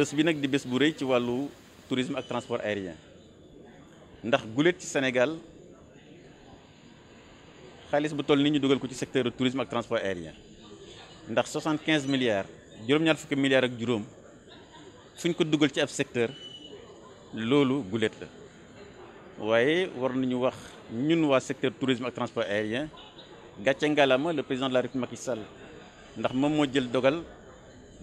bés bi nak di bés bu rëy ci walu tourisme ak transport aérien ndax gulet ci Sénégal xaalis bu toll ni ñu duggal ko ci secteur du tourisme ak transport aérien ndax 75 milliards juróom-ñaar fukki milliards ak juróom fuñ ko duggal ci ab secteur lolu guléet la waye war nañu wax ñun wa secteur tourisme ak transport aérien gatché ngalama le président de la République Macky Sall ndax moom mo jël dogal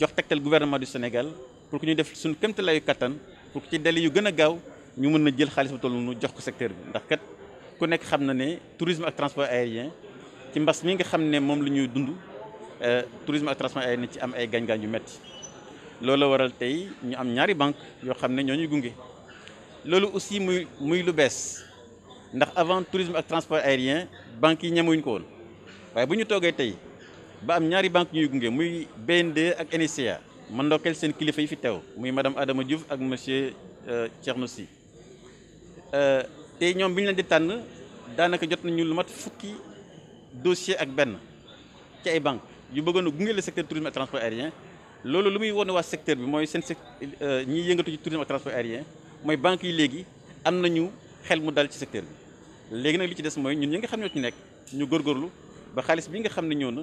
jox tektal gouvernement du Sénégal pour que ñu def suñu kéemtalaay kattan pour que ci délai yu gën a gaaw ñu mën na jël xaalis bu toll noonu jox ko secteur bi ndax kat ku nekk xam na ne tourisme ak transport aérien ci mbas mi nga xam ne moom la ñuy dund euh, tourisme ak transport aérien ci am ay gaañ-gaañ yu metti loolu waral tey ñu am ñaari banque yoo xam ne ñoo ñuy gunge loolu aussi muy muy lu bees ndax avant tourisme ak transport aérien banque yi ñemewuñ ko woon waaye bu ñu toogee tey ba am ñaari banque ñuy gunge muy BND ak NICA man do quel seen kilifa yi fi tew muy madame Adama Diouf ak monsieur euh, Thierno euh te ñom bi ñu leen di tànn danaka jot nañu lu mat fukki dossier ak ben ci ay banque yu bëggoon a le secteur tourisme et transport aérien loolu lu muy wone wa secteur bi moy seen euh, ñi yëngatu ci tourisme et transport aérien moy banques yi légui am nañu xel mu dal ci secteur bi légui nak li ci dess moy ñun ñi nga xam ñoo ci nekk ñu gor gorlu ba xaalis bi nga xam ni ñëw na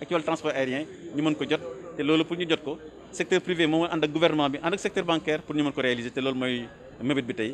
ak ci wàllu transport aérien ñu mën ko jot te loolu pour ñu jot ko secteur privé moom mooy ànd ak gouvernement bi ànd ak secteur bancaire pour ñu mën ko réaliser te loolu mooy mébét bi tey